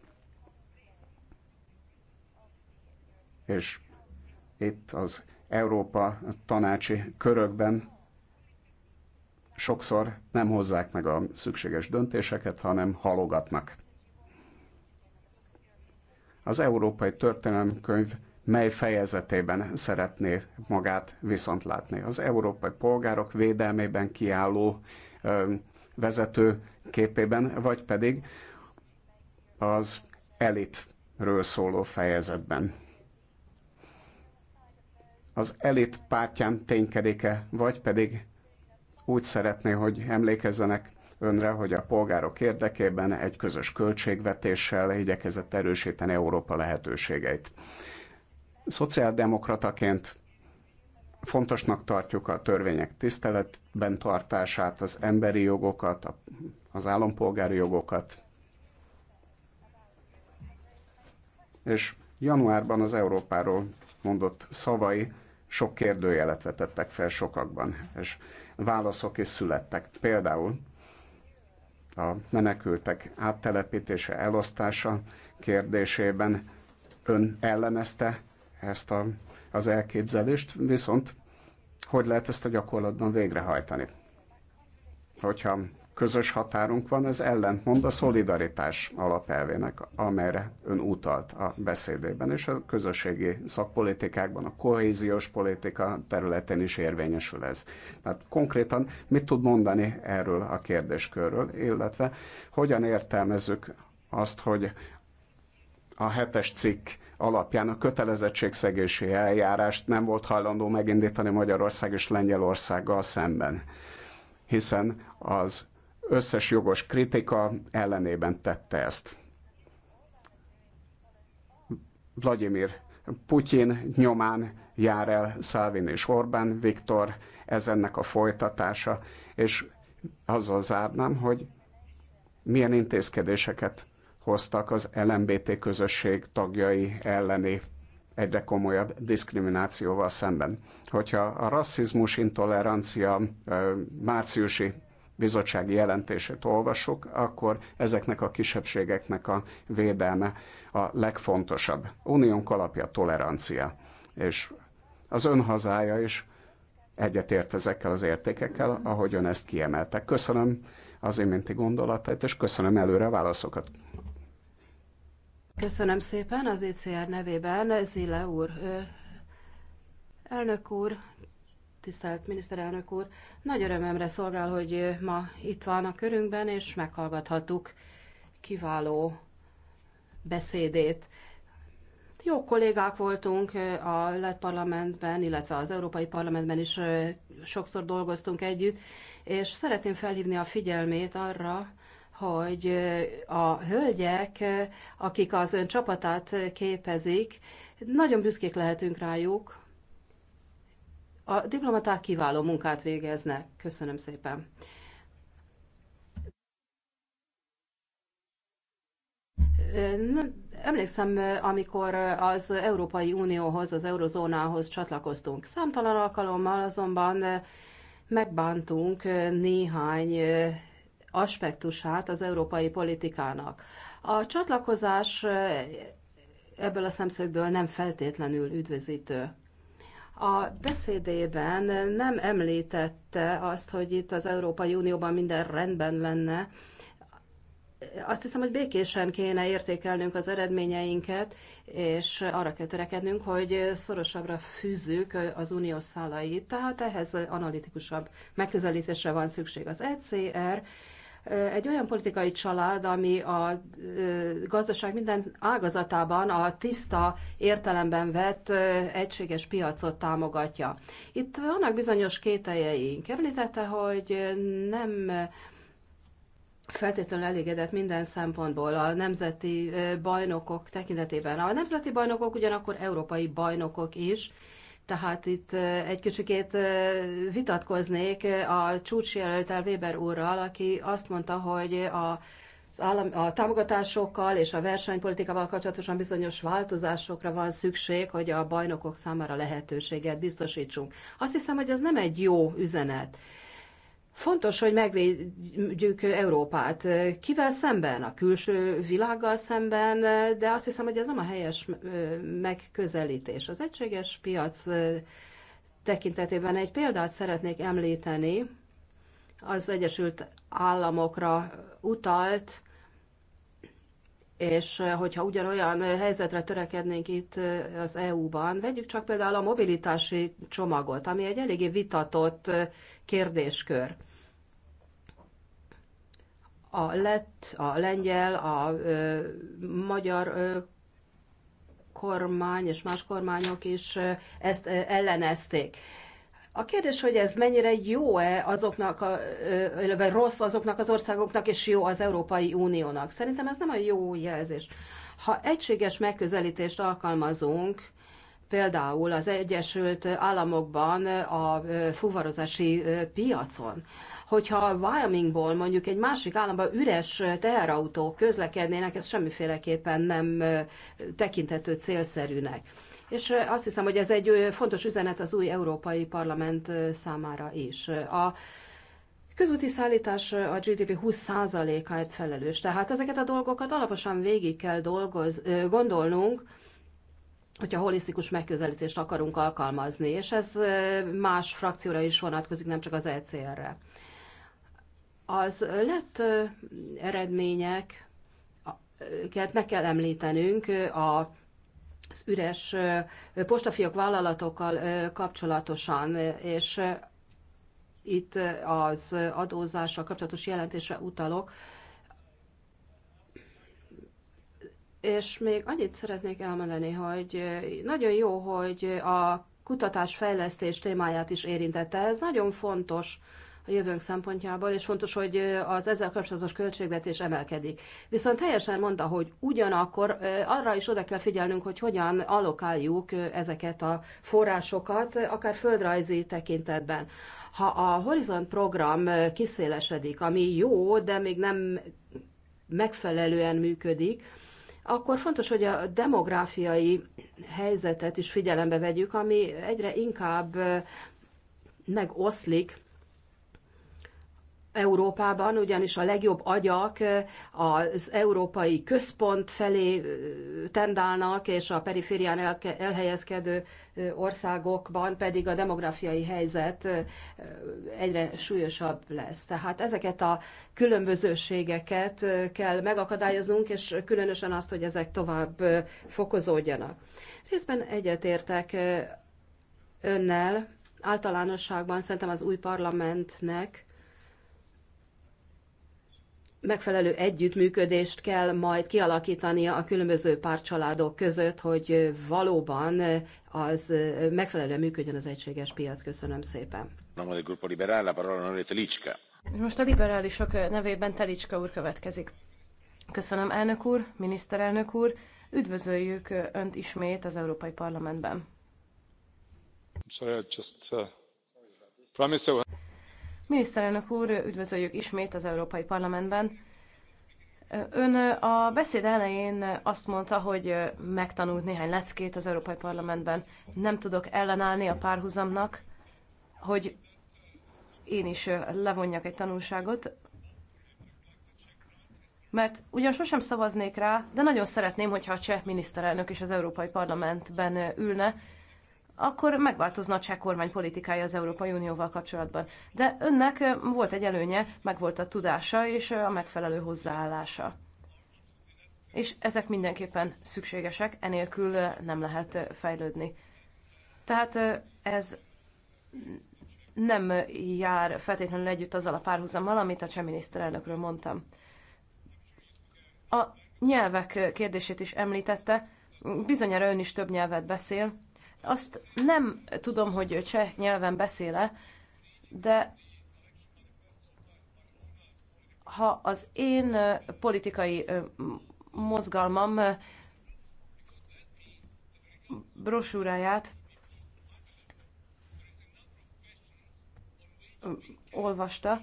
És itt az Európa tanácsi körökben sokszor nem hozzák meg a szükséges döntéseket, hanem halogatnak. Az Európai Történelemkönyv mely fejezetében szeretné magát viszont látni. Az európai polgárok védelmében kiálló ö, vezető képében, vagy pedig az elitről szóló fejezetben. Az elit pártján ténykedik-e, vagy pedig úgy szeretné, hogy emlékezzenek önre, hogy a polgárok érdekében egy közös költségvetéssel igyekezett erősíteni Európa lehetőségeit. Szociáldemokrataként Fontosnak tartjuk a törvények tiszteletben tartását, az emberi jogokat, az állampolgári jogokat. És januárban az Európáról mondott szavai sok kérdőjelet vetettek fel sokakban, és válaszok is születtek. Például a menekültek áttelepítése, elosztása kérdésében ön ellenezte ezt a az elképzelést, viszont hogy lehet ezt a gyakorlatban végrehajtani? Hogyha közös határunk van, ez ellentmond a szolidaritás alapelvének, amelyre ön utalt a beszédében, és a közösségi szakpolitikákban, a kohéziós politika területén is érvényesül ez. Tehát konkrétan mit tud mondani erről a kérdéskörről, illetve hogyan értelmezzük azt, hogy a hetes cikk alapján a kötelezettségszegési eljárást nem volt hajlandó megindítani Magyarország és Lengyelországgal szemben, hiszen az összes jogos kritika ellenében tette ezt. Vladimir Putyin nyomán jár el Szávin és Orbán Viktor, ez ennek a folytatása, és azzal zárnám, hogy milyen intézkedéseket hoztak az LMBT közösség tagjai elleni egyre komolyabb diszkriminációval szemben. Hogyha a rasszizmus intolerancia márciusi bizottsági jelentését olvasok, akkor ezeknek a kisebbségeknek a védelme a legfontosabb. Uniónk alapja tolerancia, és az ön hazája is egyetért ezekkel az értékekkel, ahogyan ezt kiemeltek. Köszönöm az iménti gondolatait, és köszönöm előre a válaszokat. Köszönöm szépen az ECR nevében, Zile úr. Elnök úr, tisztelt miniszterelnök úr, nagy örömömre szolgál, hogy ma itt van a körünkben, és meghallgathattuk kiváló beszédét. Jó kollégák voltunk a lett parlamentben, illetve az Európai Parlamentben is sokszor dolgoztunk együtt, és szeretném felhívni a figyelmét arra, hogy a hölgyek, akik az ön csapatát képezik, nagyon büszkék lehetünk rájuk. A diplomaták kiváló munkát végeznek. Köszönöm szépen. Emlékszem, amikor az Európai Unióhoz, az Eurozónához csatlakoztunk. Számtalan alkalommal azonban megbántunk néhány aspektusát az európai politikának. A csatlakozás eh, ebből a szemszögből nem feltétlenül üdvözítő. A beszédében nem említette azt, hogy itt az Európai Unióban minden rendben lenne. Azt hiszem, hogy békésen kéne értékelnünk az eredményeinket, és arra kell törekednünk, hogy szorosabbra fűzzük az unió szálait. Tehát ehhez analitikusabb megközelítésre van szükség. Az ECR egy olyan politikai család, ami a gazdaság minden ágazatában a tiszta értelemben vett egységes piacot támogatja. Itt vannak bizonyos kételjeink. Említette, hogy nem feltétlenül elégedett minden szempontból a nemzeti bajnokok tekintetében. A nemzeti bajnokok ugyanakkor európai bajnokok is, tehát itt egy kicsikét vitatkoznék a csúcsjelöltel Weber úrral, aki azt mondta, hogy a az állam, a támogatásokkal és a versenypolitikával kapcsolatosan bizonyos változásokra van szükség, hogy a bajnokok számára lehetőséget biztosítsunk. Azt hiszem, hogy ez nem egy jó üzenet. Fontos, hogy megvédjük Európát. Kivel szemben? A külső világgal szemben, de azt hiszem, hogy ez nem a helyes megközelítés. Az egységes piac tekintetében egy példát szeretnék említeni, az Egyesült Államokra utalt, és hogyha ugyanolyan helyzetre törekednénk itt az EU-ban, vegyük csak például a mobilitási csomagot, ami egy eléggé vitatott kérdéskör a lett, a lengyel, a ö, magyar ö, kormány és más kormányok is ö, ezt ö, ellenezték. A kérdés, hogy ez mennyire jó-e azoknak, illetve rossz azoknak az országoknak, és jó az Európai Uniónak. Szerintem ez nem a jó jelzés. Ha egységes megközelítést alkalmazunk, például az Egyesült Államokban a fuvarozási piacon, Hogyha Wyomingból mondjuk egy másik államban üres teherautók közlekednének, ez semmiféleképpen nem tekinthető célszerűnek. És azt hiszem, hogy ez egy fontos üzenet az új Európai Parlament számára is. A közúti szállítás a GDP 20%-áért felelős. Tehát ezeket a dolgokat alaposan végig kell dolgoz, gondolnunk, hogyha holisztikus megközelítést akarunk alkalmazni, és ez más frakcióra is vonatkozik, nem csak az ECR-re. Az lett eredmények, meg kell említenünk, a az üres postafiók vállalatokkal kapcsolatosan, és itt az adózással kapcsolatos jelentésre utalok. És még annyit szeretnék elmondani, hogy nagyon jó, hogy a kutatás fejlesztés témáját is érintette. Ez nagyon fontos a jövőnk szempontjából, és fontos, hogy az ezzel kapcsolatos költségvetés emelkedik. Viszont teljesen mondta, hogy ugyanakkor arra is oda kell figyelnünk, hogy hogyan allokáljuk ezeket a forrásokat, akár földrajzi tekintetben. Ha a Horizon program kiszélesedik, ami jó, de még nem megfelelően működik, akkor fontos, hogy a demográfiai helyzetet is figyelembe vegyük, ami egyre inkább megoszlik Európában, ugyanis a legjobb agyak eh, az európai központ felé eh, tendálnak, és a periférián elhelyezkedő eh, országokban pedig a demográfiai helyzet egyre súlyosabb lesz. Tehát ezeket a különbözőségeket kell megakadályoznunk, és különösen azt, hogy ezek tovább fokozódjanak. Részben egyetértek önnel, általánosságban szerintem az új parlamentnek, megfelelő együttműködést kell majd kialakítania a különböző pártcsaládok között, hogy valóban az megfelelően működjön az egységes piac. Köszönöm szépen. Most a liberálisok nevében Telicska úr következik. Köszönöm, elnök úr, miniszterelnök úr, üdvözöljük Önt ismét az Európai Parlamentben. Sorry, just, uh, Miniszterelnök úr, üdvözöljük ismét az Európai Parlamentben. Ön a beszéd elején azt mondta, hogy megtanult néhány leckét az Európai Parlamentben. Nem tudok ellenállni a párhuzamnak, hogy én is levonjak egy tanulságot, mert ugyan sosem szavaznék rá, de nagyon szeretném, hogyha a cseh miniszterelnök is az Európai Parlamentben ülne, akkor megváltozna a cseh kormány politikája az Európai Unióval kapcsolatban. De önnek volt egy előnye, meg volt a tudása és a megfelelő hozzáállása. És ezek mindenképpen szükségesek, enélkül nem lehet fejlődni. Tehát ez nem jár feltétlenül együtt azzal a párhuzammal, amit a cseh miniszterelnökről mondtam. A nyelvek kérdését is említette, bizonyára ön is több nyelvet beszél, azt nem tudom, hogy cseh nyelven beszéle, de ha az én politikai mozgalmam brosúráját olvasta,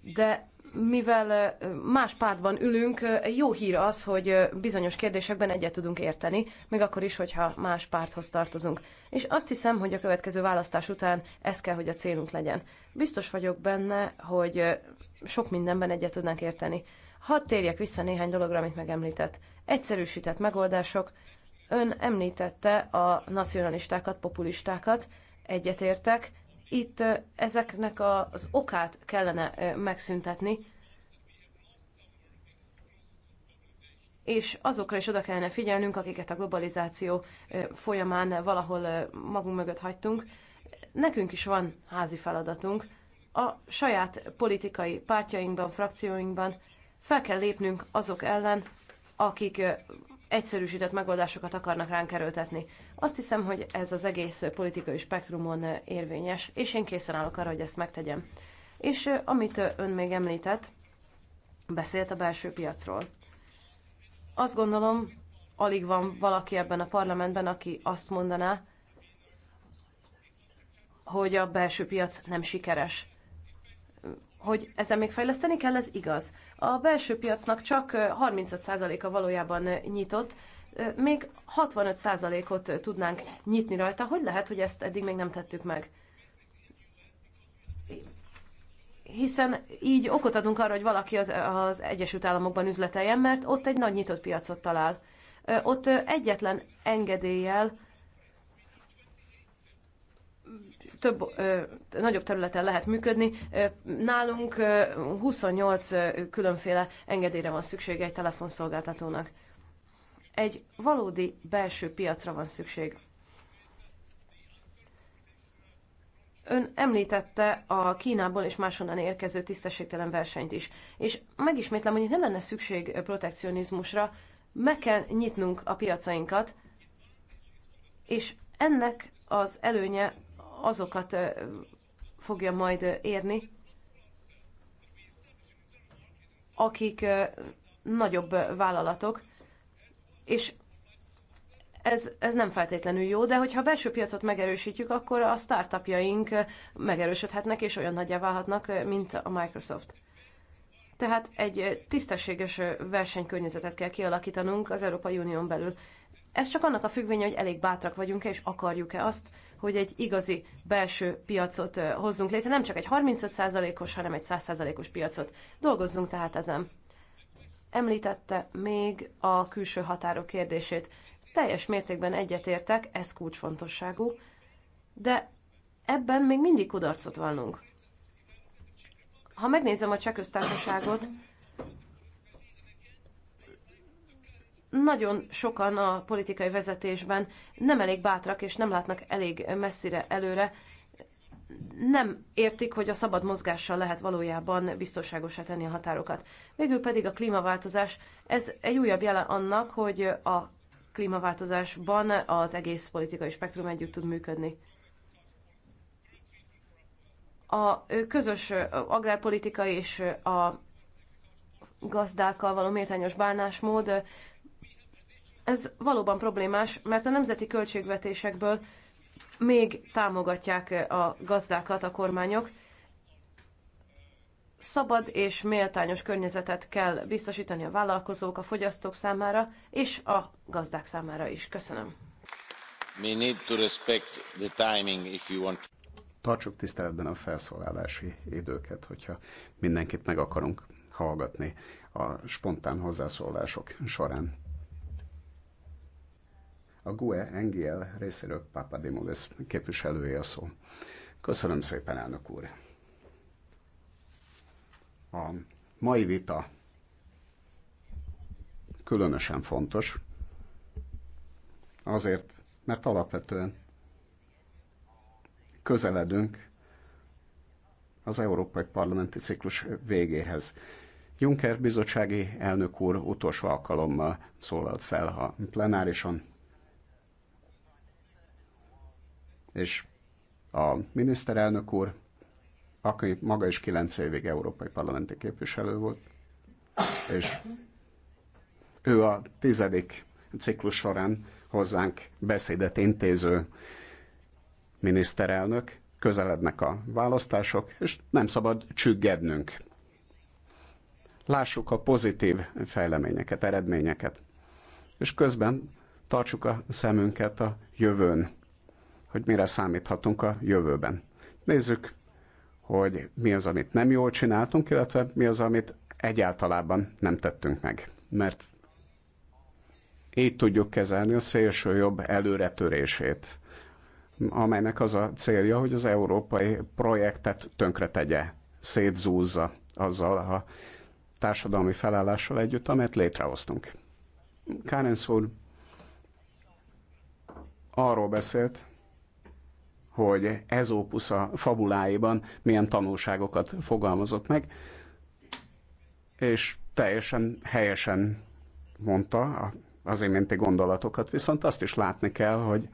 de mivel más pártban ülünk, jó hír az, hogy bizonyos kérdésekben egyet tudunk érteni, még akkor is, hogyha más párthoz tartozunk. És azt hiszem, hogy a következő választás után ez kell, hogy a célunk legyen. Biztos vagyok benne, hogy sok mindenben egyet tudnánk érteni. Hadd térjek vissza néhány dologra, amit megemlített. Egyszerűsített megoldások. Ön említette a nacionalistákat, populistákat, egyetértek, itt ezeknek az okát kellene megszüntetni, és azokra is oda kellene figyelnünk, akiket a globalizáció folyamán valahol magunk mögött hagytunk. Nekünk is van házi feladatunk. A saját politikai pártjainkban, frakcióinkban fel kell lépnünk azok ellen, akik egyszerűsített megoldásokat akarnak ránk erőltetni. Azt hiszem, hogy ez az egész politikai spektrumon érvényes, és én készen állok arra, hogy ezt megtegyem. És amit ön még említett, beszélt a belső piacról. Azt gondolom, alig van valaki ebben a parlamentben, aki azt mondaná, hogy a belső piac nem sikeres hogy ezzel még fejleszteni kell, ez igaz. A belső piacnak csak 35%-a valójában nyitott, még 65%-ot tudnánk nyitni rajta. Hogy lehet, hogy ezt eddig még nem tettük meg? Hiszen így okot adunk arra, hogy valaki az, az Egyesült Államokban üzleteljen, mert ott egy nagy nyitott piacot talál. Ott egyetlen engedéllyel több, nagyobb területen lehet működni. Nálunk 28 különféle engedélyre van szüksége egy telefonszolgáltatónak. Egy valódi belső piacra van szükség. Ön említette a Kínából és máshonnan érkező tisztességtelen versenyt is. És megismétlem, hogy nem lenne szükség protekcionizmusra, meg kell nyitnunk a piacainkat, és ennek az előnye azokat fogja majd érni, akik nagyobb vállalatok, és ez, ez nem feltétlenül jó, de hogyha a belső piacot megerősítjük, akkor a startupjaink megerősödhetnek, és olyan nagyjá válhatnak, mint a Microsoft. Tehát egy tisztességes versenykörnyezetet kell kialakítanunk az Európai Unión belül. Ez csak annak a függvénye, hogy elég bátrak vagyunk-e, és akarjuk-e azt, hogy egy igazi belső piacot hozzunk létre, nem csak egy 35%-os, hanem egy 100%-os piacot. Dolgozzunk tehát ezen. Említette még a külső határok kérdését. Teljes mértékben egyetértek, ez kulcsfontosságú, de ebben még mindig kudarcot vallunk. Ha megnézem a cseh köztársaságot, nagyon sokan a politikai vezetésben nem elég bátrak és nem látnak elég messzire előre, nem értik, hogy a szabad mozgással lehet valójában biztonságosá tenni a határokat. Végül pedig a klímaváltozás, ez egy újabb jele annak, hogy a klímaváltozásban az egész politikai spektrum együtt tud működni. A közös agrárpolitika és a gazdákkal való méltányos bánásmód ez valóban problémás, mert a nemzeti költségvetésekből még támogatják a gazdákat a kormányok. Szabad és méltányos környezetet kell biztosítani a vállalkozók, a fogyasztók számára és a gazdák számára is. Köszönöm. We need to respect the timing if you want. Tartsuk tiszteletben a felszólalási időket, hogyha mindenkit meg akarunk hallgatni a spontán hozzászólások során. A GUE NGL részéről Papadimoulis képviselője a szó. Köszönöm szépen, elnök úr! A mai vita különösen fontos, azért, mert alapvetően közeledünk az Európai Parlamenti ciklus végéhez. Juncker bizottsági elnök úr utolsó alkalommal szólalt fel a plenárison, és a miniszterelnök úr, aki maga is kilenc évig európai parlamenti képviselő volt, és ő a tizedik ciklus során hozzánk beszédet intéző miniszterelnök, közelednek a választások, és nem szabad csüggednünk. Lássuk a pozitív fejleményeket, eredményeket, és közben tartsuk a szemünket a jövőn hogy mire számíthatunk a jövőben. Nézzük, hogy mi az, amit nem jól csináltunk, illetve mi az, amit egyáltalában nem tettünk meg. Mert így tudjuk kezelni a szélső jobb előretörését, amelynek az a célja, hogy az európai projektet tönkretegye, szétzúzza azzal a társadalmi felállással együtt, amelyet létrehoztunk. Kárensz úr arról beszélt, hogy ez ópusz a fabuláiban milyen tanulságokat fogalmazott meg, és teljesen helyesen mondta az iménti gondolatokat, viszont azt is látni kell, hogy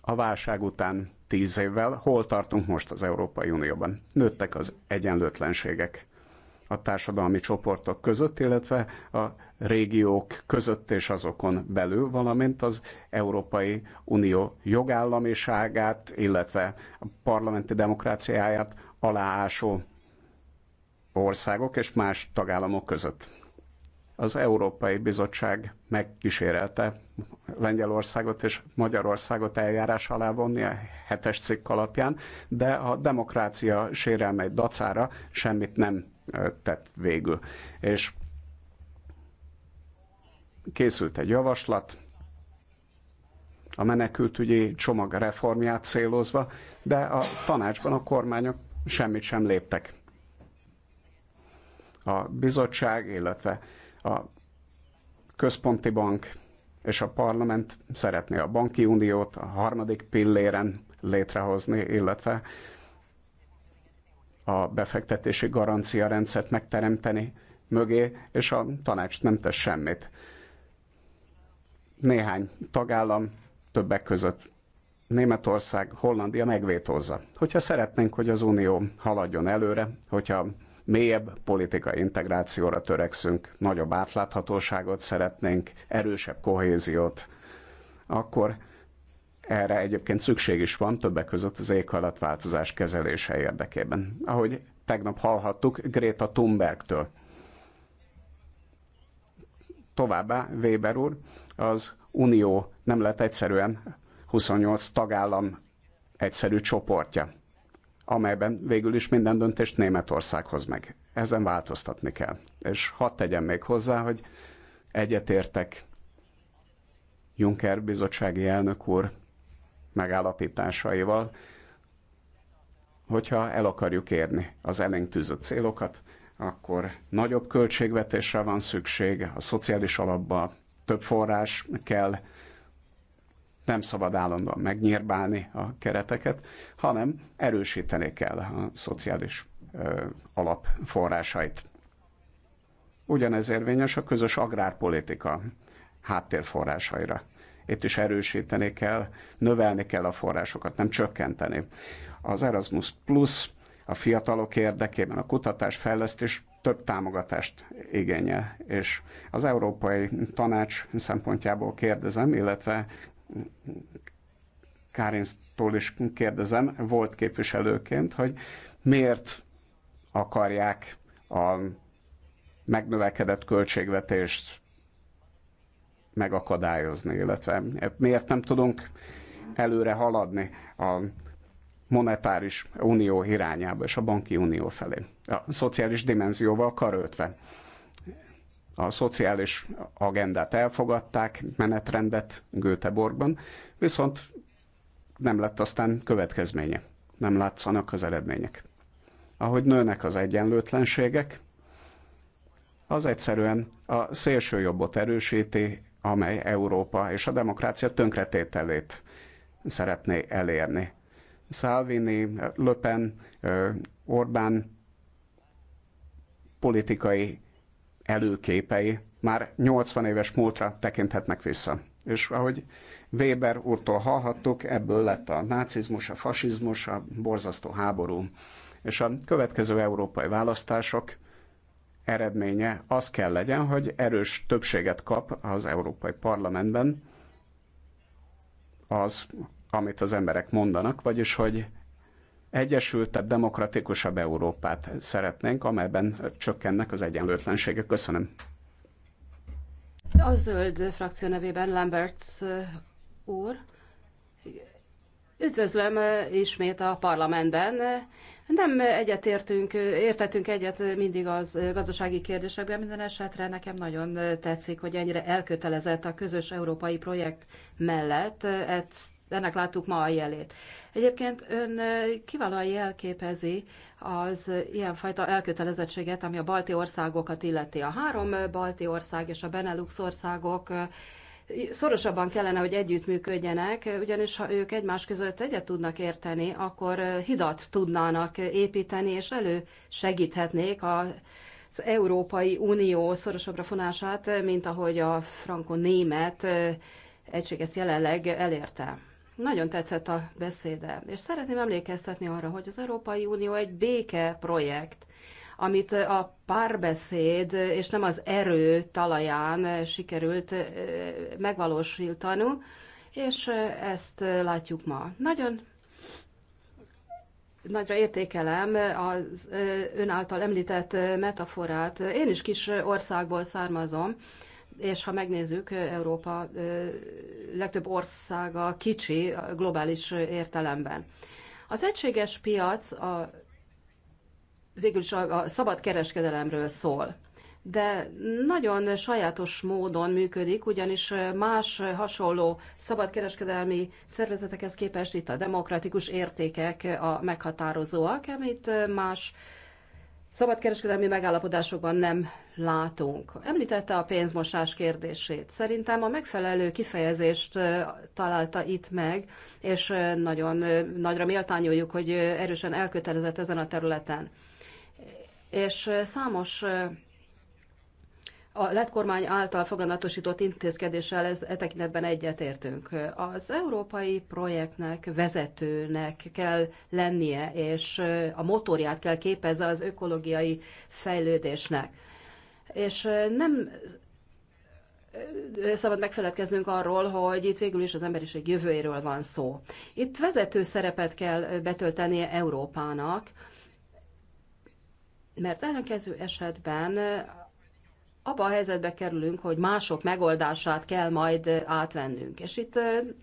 a válság után tíz évvel hol tartunk most az Európai Unióban? Nőttek az egyenlőtlenségek a társadalmi csoportok között, illetve a régiók között és azokon belül, valamint az Európai Unió jogállamiságát, illetve a parlamenti demokráciáját aláásó országok és más tagállamok között. Az Európai Bizottság megkísérelte Lengyelországot és Magyarországot eljárás alá vonni a hetes cikk alapján, de a demokrácia sérelmei dacára semmit nem tett végül. És készült egy javaslat, a menekültügyi csomag reformját célozva, de a tanácsban a kormányok semmit sem léptek. A bizottság, illetve a központi bank és a parlament szeretné a banki uniót a harmadik pilléren létrehozni, illetve a befektetési garancia rendszert megteremteni mögé, és a tanács nem tesz semmit. Néhány tagállam, többek között Németország, Hollandia megvétózza. Hogyha szeretnénk, hogy az Unió haladjon előre, hogyha mélyebb politikai integrációra törekszünk, nagyobb átláthatóságot szeretnénk, erősebb kohéziót, akkor erre egyébként szükség is van többek között az éghajlatváltozás kezelése érdekében. Ahogy tegnap hallhattuk Greta Thunbergtől. Továbbá Weber úr, az Unió nem lett egyszerűen 28 tagállam egyszerű csoportja, amelyben végül is minden döntést németországhoz meg. Ezen változtatni kell. És hadd tegyem még hozzá, hogy egyetértek Juncker bizottsági elnök úr megállapításaival, hogyha el akarjuk érni az elénk tűzött célokat, akkor nagyobb költségvetésre van szükség, a szociális alapba több forrás kell, nem szabad állandóan megnyírbálni a kereteket, hanem erősíteni kell a szociális alap forrásait. Ugyanez érvényes a közös agrárpolitika háttérforrásaira. Itt is erősíteni kell, növelni kell a forrásokat, nem csökkenteni. Az Erasmus Plus a fiatalok érdekében a kutatás, fejlesztés több támogatást igényel. És az Európai Tanács szempontjából kérdezem, illetve Kárinztól is kérdezem, volt képviselőként, hogy miért akarják a megnövekedett költségvetést megakadályozni, illetve miért nem tudunk előre haladni a monetáris unió irányába és a banki unió felé. A szociális dimenzióval karöltve. A szociális agendát elfogadták, menetrendet Göteborgban, viszont nem lett aztán következménye. Nem látszanak az eredmények. Ahogy nőnek az egyenlőtlenségek, az egyszerűen a szélső jobbot erősíti, amely Európa és a demokrácia tönkretételét szeretné elérni. Salvini, Le Pen, Orbán politikai előképei már 80 éves múltra tekinthetnek vissza. És ahogy Weber úrtól hallhattuk, ebből lett a nácizmus, a fasizmus, a borzasztó háború. És a következő európai választások eredménye az kell legyen, hogy erős többséget kap az Európai Parlamentben az, amit az emberek mondanak, vagyis hogy egyesültebb, demokratikusabb Európát szeretnénk, amelyben csökkennek az egyenlőtlenségek. Köszönöm. A zöld frakció nevében Lamberts úr. Üdvözlöm ismét a parlamentben. Nem egyetértünk, értetünk egyet mindig az gazdasági kérdésekben, minden esetre nekem nagyon tetszik, hogy ennyire elkötelezett a közös európai projekt mellett. Ezt, ennek láttuk ma a jelét. Egyébként ön kiválóan jelképezi az ilyenfajta elkötelezettséget, ami a balti országokat illeti. A három balti ország és a Benelux országok szorosabban kellene, hogy együttműködjenek, ugyanis ha ők egymás között egyet tudnak érteni, akkor hidat tudnának építeni, és elő segíthetnék a az Európai Unió szorosabbra fonását, mint ahogy a franco-német egység ezt jelenleg elérte. Nagyon tetszett a beszéde, és szeretném emlékeztetni arra, hogy az Európai Unió egy béke projekt, amit a párbeszéd és nem az erő talaján sikerült megvalósítani, és ezt látjuk ma. Nagyon nagyra értékelem az ön által említett metaforát. Én is kis országból származom, és ha megnézzük, Európa legtöbb országa kicsi globális értelemben. Az egységes piac a végül is a szabad kereskedelemről szól. De nagyon sajátos módon működik, ugyanis más hasonló szabadkereskedelmi szervezetekhez képest itt a demokratikus értékek a meghatározóak, amit más szabadkereskedelmi megállapodásokban nem látunk. Említette a pénzmosás kérdését. Szerintem a megfelelő kifejezést találta itt meg, és nagyon nagyra méltányoljuk, hogy erősen elkötelezett ezen a területen és számos a lett kormány által foganatosított intézkedéssel ez e tekintetben egyetértünk. Az európai projektnek vezetőnek kell lennie, és a motorját kell képezze az ökológiai fejlődésnek. És nem szabad megfeledkeznünk arról, hogy itt végül is az emberiség jövőjéről van szó. Itt vezető szerepet kell betöltenie Európának, mert ellenkező esetben abba a helyzetbe kerülünk, hogy mások megoldását kell majd átvennünk. És itt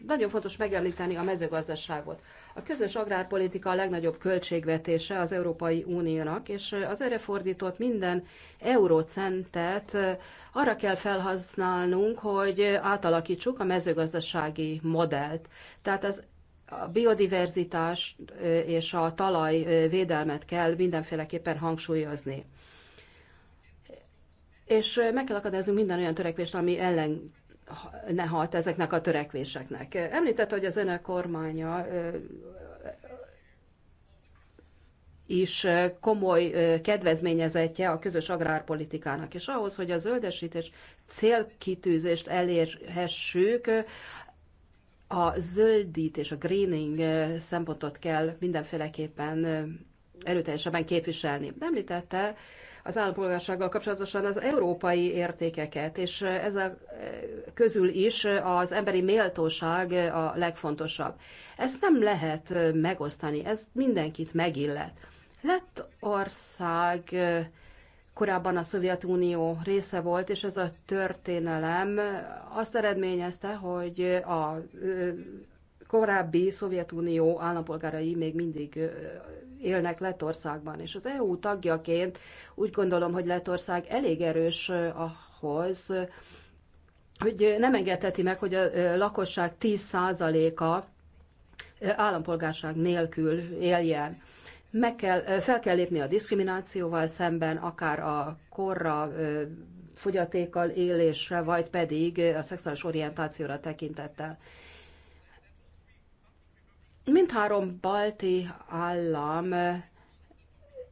nagyon fontos megemlíteni a mezőgazdaságot. A közös agrárpolitika a legnagyobb költségvetése az Európai Uniónak, és az erre fordított minden eurocentet arra kell felhasználnunk, hogy átalakítsuk a mezőgazdasági modellt. Tehát az a biodiverzitás és a talaj védelmet kell mindenféleképpen hangsúlyozni. És meg kell akadályoznunk minden olyan törekvést, ami ellen ne halt ezeknek a törekvéseknek. Említett, hogy az önök kormánya is komoly kedvezményezetje a közös agrárpolitikának. És ahhoz, hogy a zöldesítés célkitűzést elérhessük, a zöldítés, a greening szempontot kell mindenféleképpen erőteljesebben képviselni. Említette az állampolgársággal kapcsolatosan az európai értékeket, és ezek közül is az emberi méltóság a legfontosabb. Ezt nem lehet megosztani, ez mindenkit megillet. Lett ország korábban a Szovjetunió része volt, és ez a történelem azt eredményezte, hogy a korábbi Szovjetunió állampolgárai még mindig élnek Lettországban, és az EU tagjaként úgy gondolom, hogy Lettország elég erős ahhoz, hogy nem engedheti meg, hogy a lakosság 10%-a állampolgárság nélkül éljen meg kell, fel kell lépni a diszkriminációval szemben, akár a korra, fogyatékkal élésre, vagy pedig a szexuális orientációra tekintettel. Mindhárom balti állam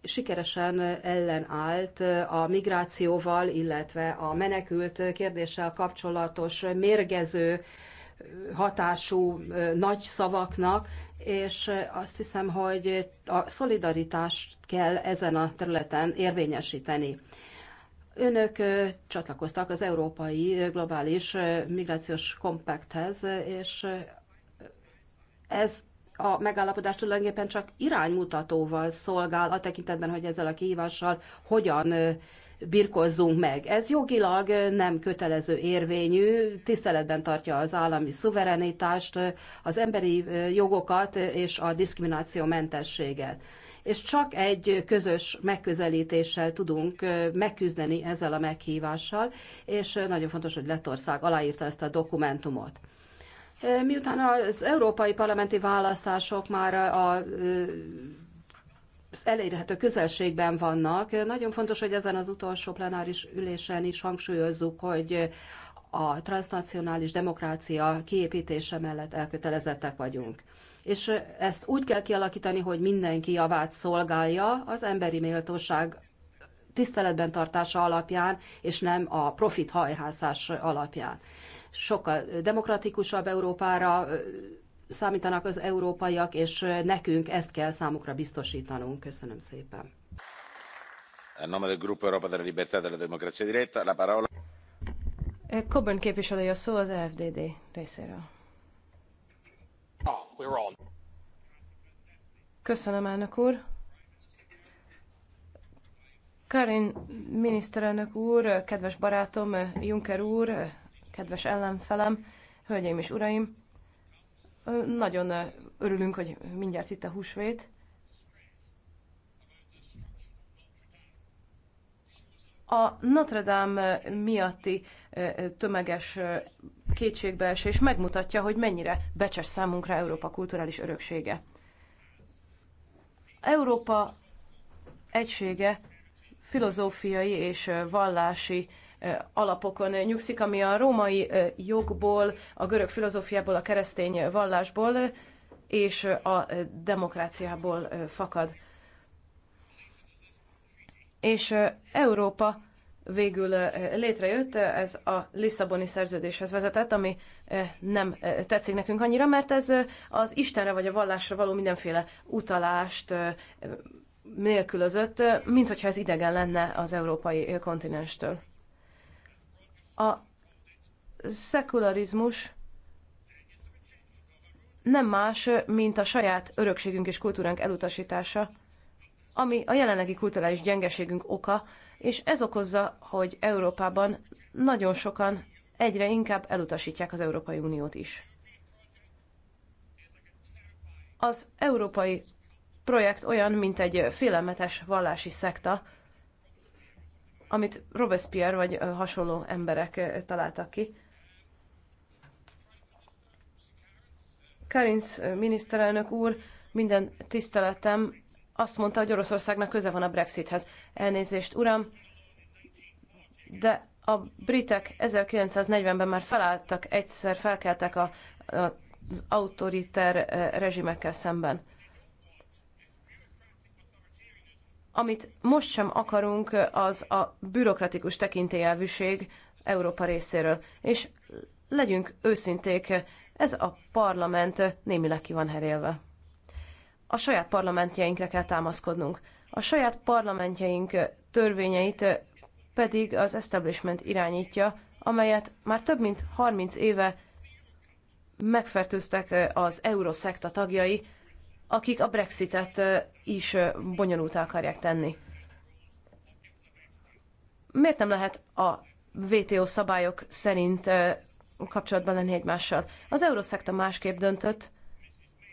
sikeresen ellenállt a migrációval, illetve a menekült kérdéssel kapcsolatos mérgező hatású nagy szavaknak, és azt hiszem, hogy a szolidaritást kell ezen a területen érvényesíteni. Önök csatlakoztak az Európai Globális Migrációs Kompakthez, és ez a megállapodás tulajdonképpen csak iránymutatóval szolgál a tekintetben, hogy ezzel a kihívással hogyan birkozzunk meg. Ez jogilag nem kötelező érvényű, tiszteletben tartja az állami szuverenitást, az emberi jogokat és a mentességet. És csak egy közös megközelítéssel tudunk megküzdeni ezzel a meghívással, és nagyon fontos, hogy Lettország aláírta ezt a dokumentumot. Miután az európai parlamenti választások már a elérhető közelségben vannak. Nagyon fontos, hogy ezen az utolsó plenáris ülésen is hangsúlyozzuk, hogy a transnacionális demokrácia kiépítése mellett elkötelezettek vagyunk. És ezt úgy kell kialakítani, hogy mindenki javát szolgálja az emberi méltóság tiszteletben tartása alapján, és nem a profit hajhászás alapján. Sokkal demokratikusabb Európára számítanak az európaiak, és nekünk ezt kell számukra biztosítanunk. Köszönöm szépen. A nome del Gruppo Europa della Libertà e della Democrazia Diretta, la parola. Coburn képviselője a szó az FDD részéről. Oh, we're on. Köszönöm, elnök úr. Karin miniszterelnök úr, kedves barátom, Juncker úr, kedves ellenfelem, hölgyeim és uraim! Nagyon örülünk, hogy mindjárt itt a húsvét. A Notre Dame miatti tömeges kétségbeesés megmutatja, hogy mennyire becses számunkra Európa kulturális öröksége. Európa egysége filozófiai és vallási alapokon nyugszik, ami a római jogból, a görög filozófiából, a keresztény vallásból és a demokráciából fakad. És Európa végül létrejött, ez a Lisszaboni szerződéshez vezetett, ami nem tetszik nekünk annyira, mert ez az Istenre vagy a vallásra való mindenféle utalást nélkülözött, mint hogyha ez idegen lenne az európai kontinenstől. A szekularizmus nem más, mint a saját örökségünk és kultúránk elutasítása, ami a jelenlegi kulturális gyengeségünk oka, és ez okozza, hogy Európában nagyon sokan egyre inkább elutasítják az Európai Uniót is. Az európai projekt olyan, mint egy félelmetes vallási szekta, amit Robespierre vagy hasonló emberek találtak ki. Karinsz miniszterelnök úr, minden tiszteletem, azt mondta, hogy Oroszországnak köze van a Brexithez. Elnézést, uram, de a britek 1940-ben már felálltak, egyszer felkeltek a, a, az autoriter rezsimekkel szemben. Amit most sem akarunk, az a bürokratikus tekintélyelvűség Európa részéről. És legyünk őszinték, ez a parlament némileg ki van herélve. A saját parlamentjeinkre kell támaszkodnunk. A saját parlamentjeink törvényeit pedig az establishment irányítja, amelyet már több mint 30 éve megfertőztek az euroszekta tagjai, akik a Brexitet is bonyolultá akarják tenni. Miért nem lehet a WTO szabályok szerint kapcsolatban lenni egymással? Az Euroszekta másképp döntött,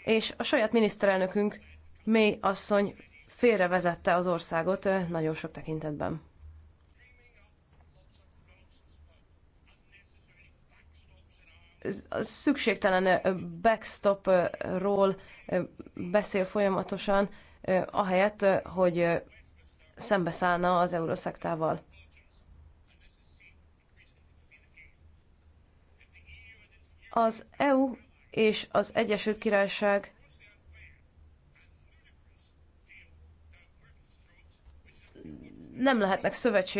és a saját miniszterelnökünk, May asszony félrevezette az országot nagyon sok tekintetben. szükségtelen backstopról beszél folyamatosan, ahelyett, hogy szembeszállna az euroszektával. Az EU és az Egyesült Királyság nem lehetnek szövetségesek,